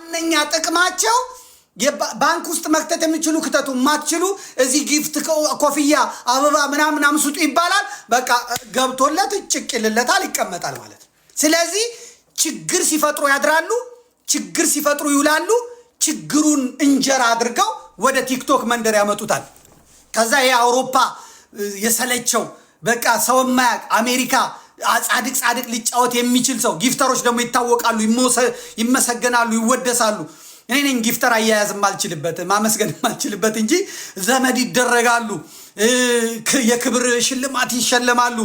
ዋነኛ ጥቅማቸው ባንክ ውስጥ መክተት የሚችሉ ክተቱ፣ የማትችሉ እዚህ ጊፍት፣ ኮፍያ፣ አበባ ምናምን አምስጡ ይባላል። በቃ ገብቶለት ጭቅ ይልለታል፣ ይቀመጣል ማለት ነው። ስለዚህ ችግር ሲፈጥሩ ያድራሉ፣ ችግር ሲፈጥሩ ይውላሉ። ችግሩን እንጀራ አድርገው ወደ ቲክቶክ መንደር ያመጡታል። ከዛ ይሄ አውሮፓ የሰለቸው በቃ ሰው ማያቅ አሜሪካ ጻድቅ ጻድቅ ሊጫወት የሚችል ሰው። ጊፍተሮች ደግሞ ይታወቃሉ፣ ይመሰገናሉ፣ ይወደሳሉ። እኔ ነኝ ጊፍተር አያያዝም አልችልበት ማመስገን አልችልበት እንጂ ዘመድ ይደረጋሉ፣ የክብር ሽልማት ይሸለማሉ።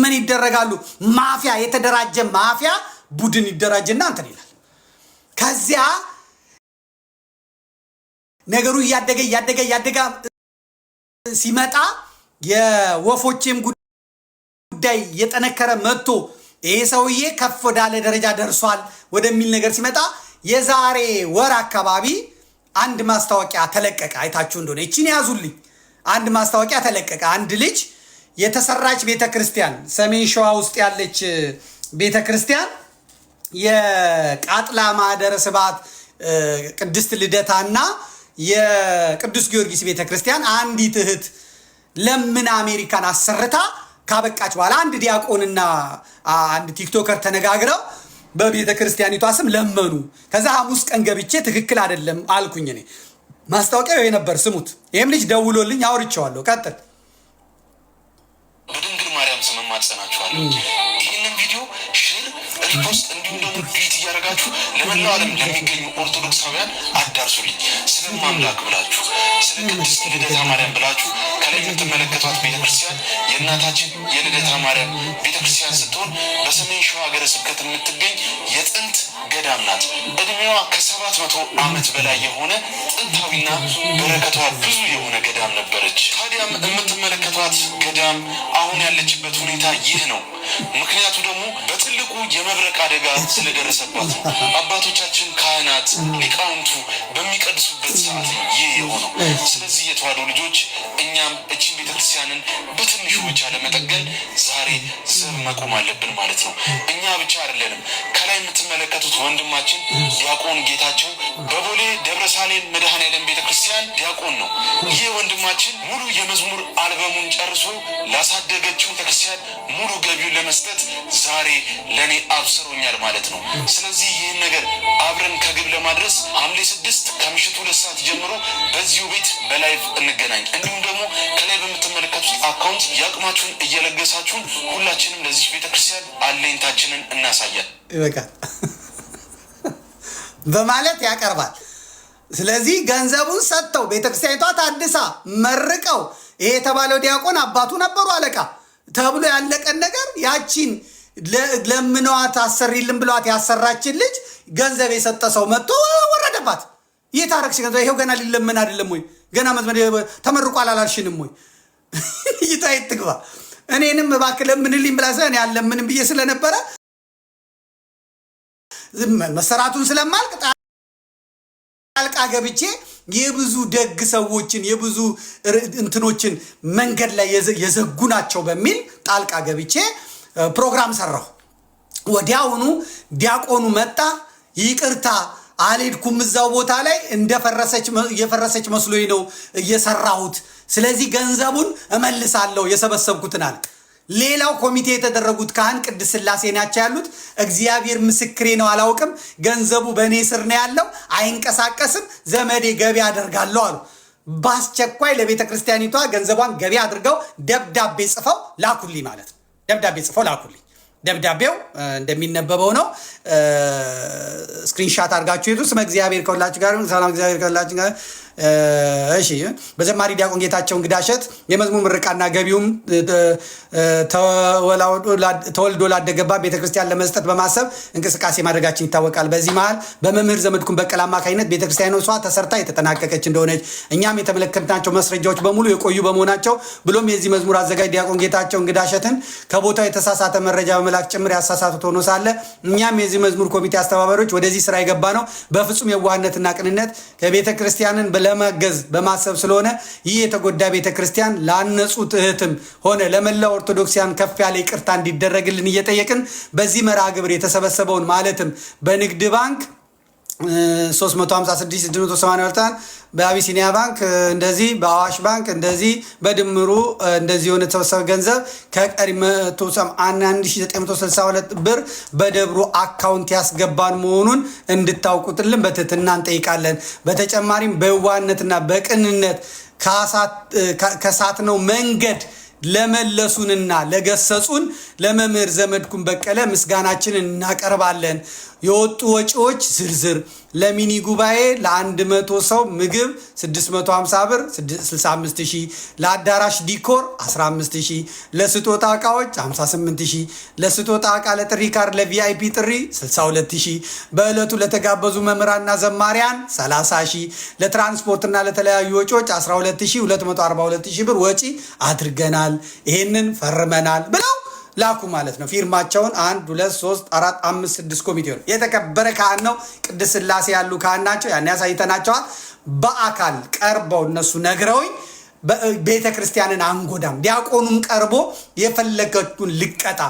ምን ይደረጋሉ? ማፊያ የተደራጀ ማፊያ ቡድን ይደራጅና እንትን ይላል። ከዚያ ነገሩ እያደገ እያደገ እያደገ ሲመጣ የወፎቼም ጉዳይ እየጠነከረ መጥቶ ይሄ ሰውዬ ከፍ ወዳለ ደረጃ ደርሷል ወደሚል ነገር ሲመጣ የዛሬ ወር አካባቢ አንድ ማስታወቂያ ተለቀቀ። አይታችሁ እንደሆነ ይችን ያዙልኝ። አንድ ማስታወቂያ ተለቀቀ። አንድ ልጅ የተሰራች ቤተ ክርስቲያን ሰሜን ሸዋ ውስጥ ያለች ቤተ ክርስቲያን የቃጥላ ማህደረ ስብሐት ቅድስት ልደታና የቅዱስ ጊዮርጊስ ቤተ ክርስቲያን አንዲት እህት ለምን አሜሪካን አሰርታ ካበቃች በኋላ አንድ ዲያቆንና አንድ ቲክቶከር ተነጋግረው በቤተ ክርስቲያኒቷ ስም ለመኑ። ከዛ ሐሙስ ቀን ገብቼ ትክክል አይደለም አልኩኝ። እኔ ማስታወቂያው የነበር ስሙት። ይህም ልጅ ደውሎልኝ አውርቼዋለሁ። ቀጥል ቪዲዮ ሼር፣ ሪፖስት እንዲሁም ደግሞ ዲት እያደረጋችሁ ለመላው ዓለም ለሚገኙ ኦርቶዶክሳውያን አዳርሱልኝ። ስለ ማምላክ ብላችሁ ስለ ቅድስት ልደታ ማርያም ብላችሁ ከላይ የምትመለከቷት ቤተክርስቲያን የእናታችን የልደታ ማርያም ቤተክርስቲያን ስትሆን በሰሜን ሸዋ ሀገረ ስብከት የምትገኝ የጥንት ገዳም ናት። እድሜዋ ከሰባት መቶ ዓመት በላይ የሆነ ጥንታዊና በረከቷ ብዙ የሆነ ገዳም ነበረች። ታዲያም የምትመለከቷት ገዳም አሁን ያለችበት ሁኔታ ይህ ነው። ምክንያቱ ደግሞ በትልቁ የመብረቅ አደጋ ስለደረሰባት አባቶቻችን ካህናት፣ ሊቃውንቱ በሚቀድሱበት ሰዓት ይህ የሆነው። ስለዚህ የተዋሕዶ ልጆች እኛም እችን ቤተክርስቲያንን በትንሹ ብቻ ለመጠገን ዛሬ ዘብ መቆም አለብን ማለት ነው። እኛ ብቻ አይደለንም ከላይ የምትመለከቱ የመጡት ወንድማችን ዲያቆን ጌታቸው በቦሌ ደብረ መድሃን መድኃኔዓለም ቤተ ክርስቲያን ዲያቆን ነው። ይህ ወንድማችን ሙሉ የመዝሙር አልበሙን ጨርሶ ላሳደገችው ተክርስቲያን ሙሉ ገቢውን ለመስጠት ዛሬ ለእኔ አብስሮኛል ማለት ነው። ስለዚህ ይህን ነገር አብረን ከግብ ለማድረስ ሐምሌ ስድስት ከምሽቱ ሁለት ሰዓት ጀምሮ በዚሁ ቤት በላይቭ እንገናኝ። እንዲሁም ደግሞ ከላይ በምትመለከቱት አካውንት የአቅማችሁን እየለገሳችሁን ሁላችንም ለዚህ ቤተክርስቲያን አለኝታችንን እናሳያል። ይበቃል። በማለት ያቀርባል። ስለዚህ ገንዘቡን ሰጥተው ቤተክርስቲያኒቷ ታድሳ መርቀው ይሄ የተባለው ዲያቆን አባቱ ነበሩ አለቃ ተብሎ ያለቀን ነገር ያቺን ለምነዋት አሰሪልን ብሏት ያሰራችን ልጅ ገንዘብ የሰጠ ሰው መጥቶ ወረደባት። የታረቅሽ ገንዘብ ይሄው ገና ሊለምን አይደለም ወይ? ገና መዝመድ ተመርቆ አላላልሽንም ወይ? ይታ ይትግባ እኔንም እባክህ ለምንልኝ ብላ እኔ አልለምንም ብዬ ስለነበረ መሰራቱን ስለማልቅ ጣልቃ ገብቼ የብዙ ደግ ሰዎችን የብዙ እንትኖችን መንገድ ላይ የዘጉ ናቸው በሚል ጣልቃ ገብቼ ፕሮግራም ሰራሁ። ወዲያውኑ ዲያቆኑ መጣ። ይቅርታ አልሄድኩም፣ እዛው ቦታ ላይ እየፈረሰች መስሎኝ ነው እየሰራሁት። ስለዚህ ገንዘቡን እመልሳለሁ የሰበሰብኩትን አልክ ሌላው ኮሚቴ የተደረጉት ካህን ቅድስት ሥላሴ ናቸው ያሉት። እግዚአብሔር ምስክሬ ነው፣ አላውቅም። ገንዘቡ በእኔ ስር ነው ያለው፣ አይንቀሳቀስም። ዘመዴ ገቢ አደርጋለሁ አሉ። በአስቸኳይ ለቤተ ክርስቲያኒቷ ገንዘቧን ገቢ አድርገው ደብዳቤ ጽፈው ላኩልኝ ማለት ነው። ደብዳቤ ጽፈው ላኩልኝ። ደብዳቤው እንደሚነበበው ነው። ስክሪንሻት አድርጋችሁ ሄዱ። ስመ እግዚአብሔር ከሁላችሁ ጋር፣ ሰላም እግዚአብሔር ከሁላችሁ ጋር እሺ በዘማሪ ዲያቆን ጌታቸው እንግዳሸት የመዝሙር ምርቃና ገቢውም ተወልዶ ላደገባ ቤተክርስቲያን ለመስጠት በማሰብ እንቅስቃሴ ማድረጋችን ይታወቃል። በዚህ መሃል በመምህር ዘመድኩን በቀል አማካኝነት ቤተክርስቲያን እሷ ተሰርታ የተጠናቀቀች እንደሆነች እኛም የተመለከትናቸው መስረጃዎች በሙሉ የቆዩ በመሆናቸው ብሎም የዚህ መዝሙር አዘጋጅ ዲያቆን ጌታቸው እንግዳሸትን ከቦታው የተሳሳተ መረጃ በመላክ ጭምር ያሳሳቱት ሆኖ ሳለ እኛም የዚህ መዝሙር ኮሚቴ አስተባባሪዎች ወደዚህ ስራ የገባ ነው በፍጹም የዋህነትና ቅንነት ከቤተክርስቲያንን ለመገዝ በማሰብ ስለሆነ ይህ የተጎዳ ቤተ ክርስቲያን ላነጹት እህትም ሆነ ለመላው ኦርቶዶክሲያን ከፍ ያለ ይቅርታ እንዲደረግልን እየጠየቅን በዚህ መርሃ ግብር የተሰበሰበውን ማለትም በንግድ ባንክ 356 680 በአቢሲኒያ ባንክ እንደዚህ በአዋሽ ባንክ እንደዚህ በድምሩ እንደዚህ የሆነ የተሰበሰበ ገንዘብ ከቀሪ 1962 ብር በደብሩ አካውንት ያስገባን መሆኑን እንድታውቁትልን በትህትና እንጠይቃለን። በተጨማሪም በዋነትና በቅንነት ከሳት ነው መንገድ ለመለሱንና ለገሰጹን ለመምህር ዘመድኩን በቀለ ምስጋናችንን እናቀርባለን። የወጡ ወጪዎች ዝርዝር ለሚኒ ጉባኤ ለአንድ መቶ ሰው ምግብ 650 ብር 65 ሺህ፣ ለአዳራሽ ዲኮር 15 ሺህ፣ ለስጦታ እቃዎች 58 ሺህ፣ ለስጦታ እቃ ለጥሪ ካር ለቪአይፒ ጥሪ 62 ሺህ፣ በዕለቱ ለተጋበዙ መምህራንና ዘማሪያን 30 ሺህ፣ ለትራንስፖርትና ለተለያዩ ወጪዎች 12242 ብር ወጪ አድርገናል። ይሄንን ፈርመናል ብለው ላኩ ማለት ነው። ፊርማቸውን አንድ ሁለት ሶስት አራት አምስት ስድስት ኮሚቴ ነው። የተከበረ ካህን ነው። ቅድስት ስላሴ ያሉ ካህን ናቸው። ያን ያሳይተናቸዋል። በአካል ቀርበው እነሱ ነግረውኝ ቤተ ክርስቲያንን አንጎዳም። ዲያቆኑም ቀርቦ የፈለገችውን ልቀጣ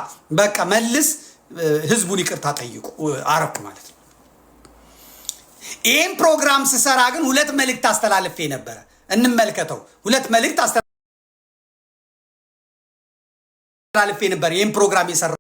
በቃ መልስ፣ ህዝቡን ይቅርታ ጠይቁ አረኩ ማለት ነው። ይህም ፕሮግራም ስሰራ ግን ሁለት መልእክት አስተላልፌ ነበረ። እንመልከተው። ሁለት መልእክት አልፌ ነበር ይህን ፕሮግራም የሰራ